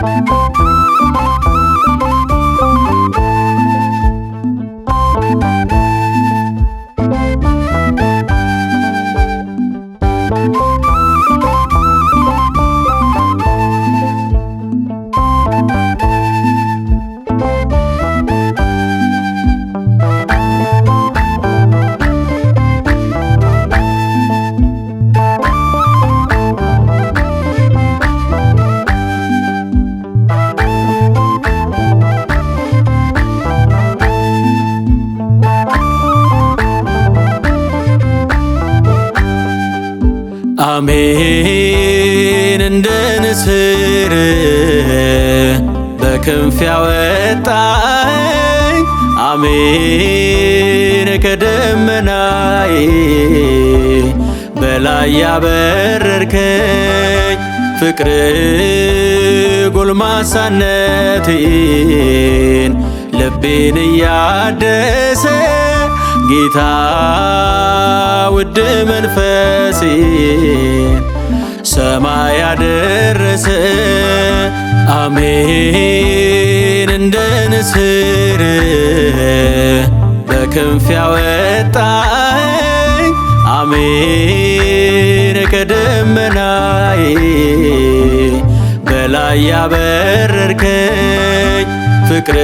Thank you. አሜን እንደ ንስር በክንፍ ያወጣኝ አሜን ከደመናይ በላይ ያበረርከኝ ፍቅር ጎልማሳነቴን ልቤን እያደሰ ጌታ ውድ መንፈሴ ሰማይ ያደረሰ አሜን እንደ ንስር በክንፍ ያወጣኝ አሜን ከደመናዬ በላይ ያበረርከኝ ፍቅር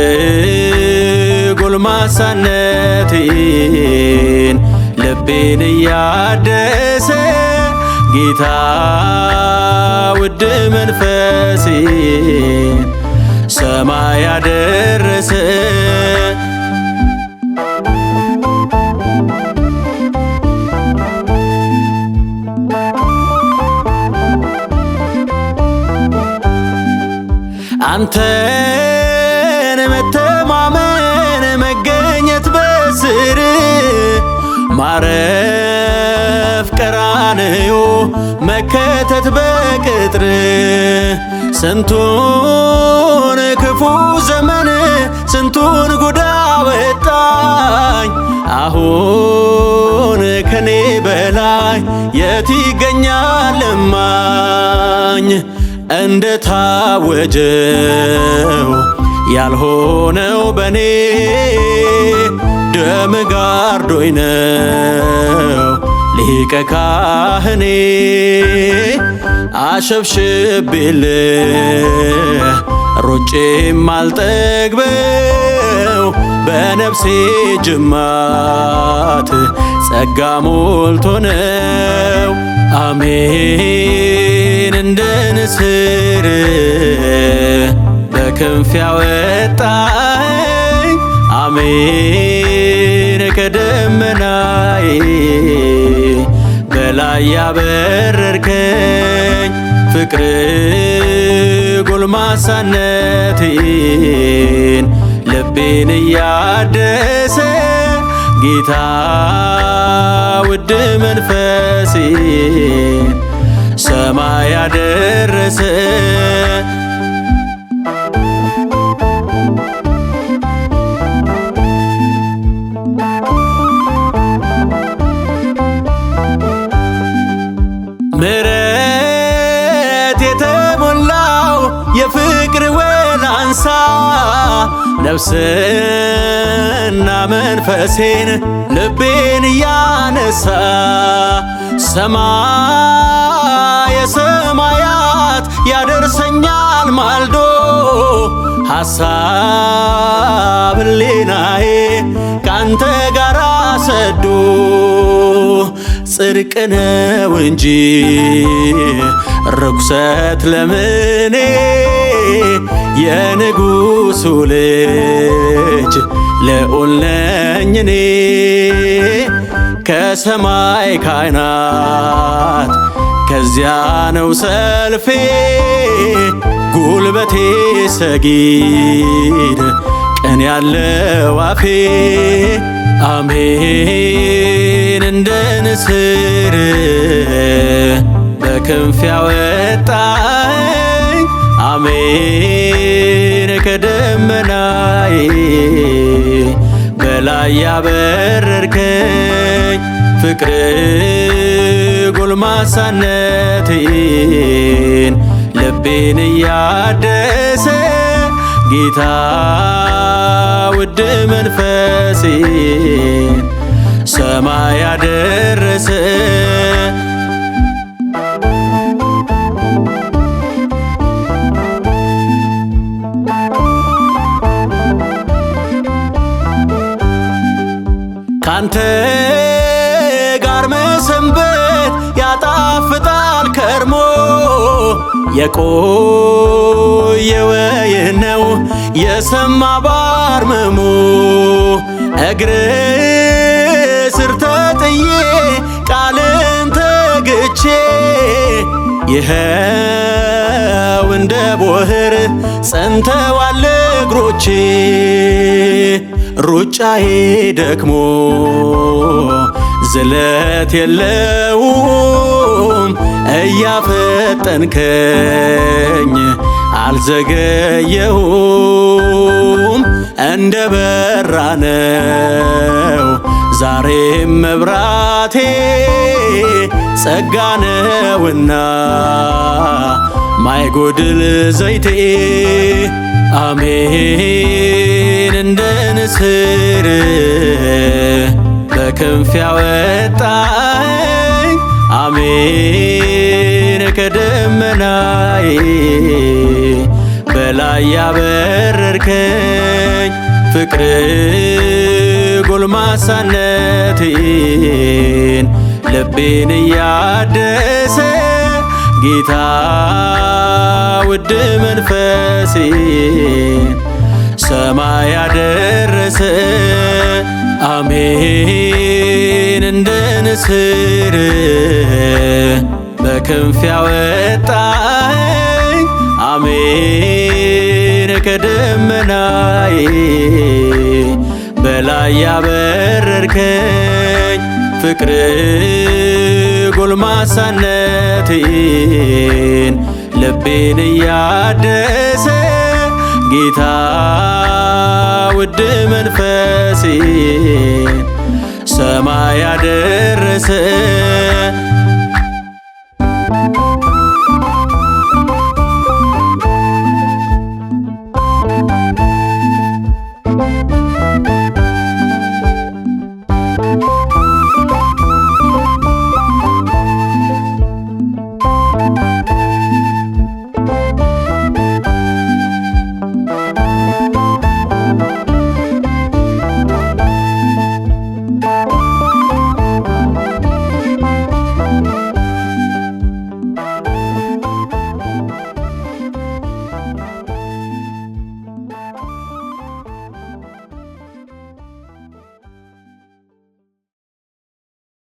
ጎልማሳነቴን ልቤን እያደሰ ጌታ ውድ መንፈሴን ሰማይ ያደረሰ አንተን መተ ስር ማረፍ ቀራንዮ መከተት በቅጥር ስንቱን ክፉ ዘመን ስንቱን ጉዳ ወጣኝ አሁን ከኔ በላይ የት ይገኛል እማኝ እንደ ታወጀው ያልሆነው በኔ ደም ጋርዶኝ ነው ሊቀ ካህኔ አሸብሽቤልህ ሮጬም አልጠግበው በነፍሴ ጅማት ጸጋ ሞልቶ ነው አሜን እንደ ንስር በክንፍ ያወጣኝ አሜን ከደመናዬ በላይ ያበረርከኝ ፍቅር ጎልማሳነቴን ልቤን እያደሰ ጌታ ውድ መንፈሴን ሰማይ ያደረሰ አንሳ ነፍስና መንፈሴን ልቤን እያነሳ ሰማየ ሰማያት ያደርሰኛል ማልዶ ሐሳብ ሌናዬ ካንተ ጋር ሰዶ ጽድቅ ነው እንጂ ርኩሰት ለምኔ የንጉሱ ልጅ ልዑል ነኝ እኔ ከሰማይ ካህናት ከዚያ ነው ሰልፌ ጉልበቴ ሰጊድ ቀን ያለው አፌ አሜን እንደ ንስር በክንፍ ያወጣ አሜን ከደመናይ በላይ ያበረርከኝ ፍቅር ጎልማሳነቴን ልቤን እያደሰ ጌታ ውድ መንፈሴን ሰማይ ያደረሰ ካንተ ጋር መሰንበት ያጣፍጣል ከርሞ የቆየ ነው የሰማ ባርምሞ እግር ስር ተጥዬ ቃልን ተግቼ ይኸ እንደ ቦህር ጸንተዋል እግሮቼ ሩጫዬ ደክሞ ዝለት የለውም እያፈጠንከኝ አልዘገየሁም እንደ በራ ነው ዛሬም መብራቴ ጸጋ ነውና ማይጎድል ዘይቴ አሜን እንደ ንስር በክንፍ ያወጣኝ አሜን ከደመናይ በላይ ያበረርከኝ ፍቅር ጎልማሳነቴን ልቤን እያደሰ ጌታ ውድ መንፈሴ ሰማይ ያደረሰ አሜን እንደ ንስር በክንፍ ያወጣኝ አሜን ከደመናይ በላይ ያበረርከኝ ፍቅርን ጎልማሳነቴን ልቤን እያደሰ ጌታ ውድ መንፈሴን ሰማይ ያደረሰ